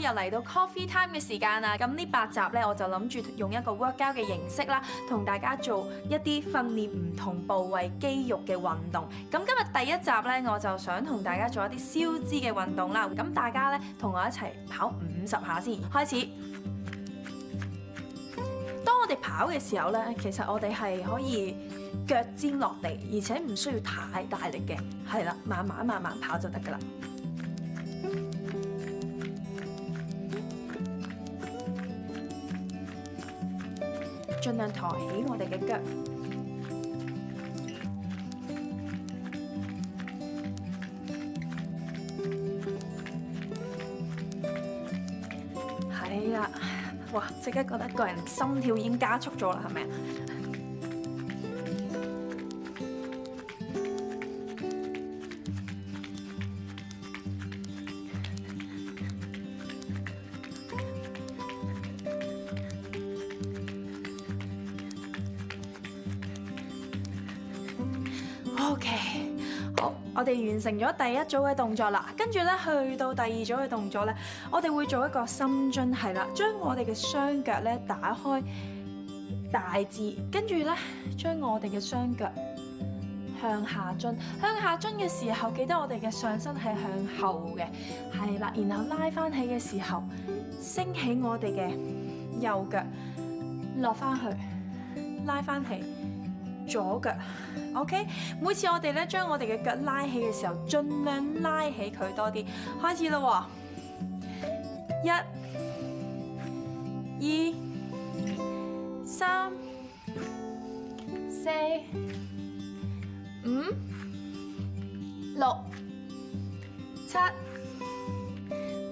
又嚟到 coffee time 嘅時間啦！咁呢八集呢，我就諗住用一個 workout 嘅形式啦，同大家做一啲訓練唔同部位肌肉嘅運動。咁今日第一集呢，我就想同大家做一啲消脂嘅運動啦。咁大家呢，同我一齊跑五十下先開始。當我哋跑嘅時候呢，其實我哋係可以腳尖落地，而且唔需要太大力嘅，係啦，慢慢慢慢跑就得㗎啦。盡量抬起我哋嘅腳，係啦，哇！即刻覺得個人心跳已經加速咗啦，係咪啊？OK，好，我哋完成咗第一組嘅動作啦，跟住咧去到第二組嘅動作咧，我哋會做一個深蹲，係啦，將我哋嘅雙腳咧打開大字，跟住咧將我哋嘅雙腳向下蹲，向下蹲嘅時候記得我哋嘅上身係向後嘅，係啦，然後拉翻起嘅時候，升起我哋嘅右腳，落翻去，拉翻起。左腳，OK。每次我哋咧將我哋嘅腳拉起嘅時候，盡量拉起佢多啲。開始喇，一、二、三、四、五、六、七、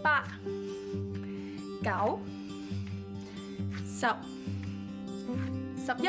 八、九、十、十一。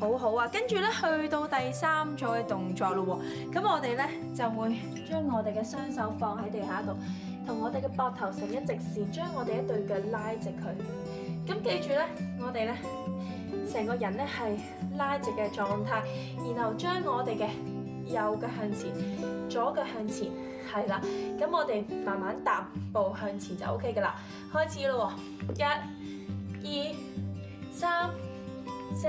好好啊，跟住咧去到第三組嘅動作咯喎，咁我哋咧就會將我哋嘅雙手放喺地下度，同我哋嘅膊頭成一直線，將我哋一對腳拉直佢。咁記住咧，我哋咧成個人咧係拉直嘅狀態，然後將我哋嘅右腳向前，左腳向前，係喇，咁我哋慢慢踏步向前就 OK 㗎喇，開始咯喎，一、二、三、四。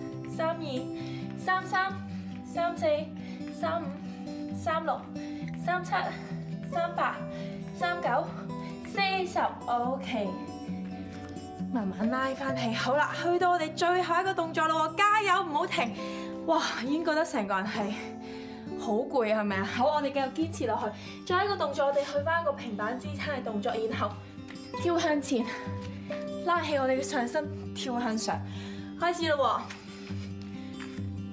三二三三三四三五三六三七三八三九四十，OK，慢慢拉翻起，好啦，去到我哋最後一個動作咯，加油，唔好停！哇，已經覺得成個人係好攰，係咪啊？好，我哋繼續堅持落去。最後一個動作，我哋去翻個平板支撐嘅動作，然後跳向前，拉起我哋嘅上身，跳向上，開始咯。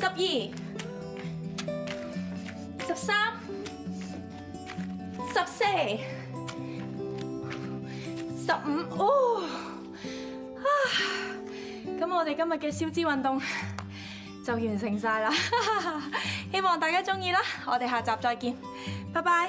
十二、十三、十四、十五哦，咁我哋今日嘅消脂運動就完成晒啦，希望大家中意啦，我哋下集再見，拜拜。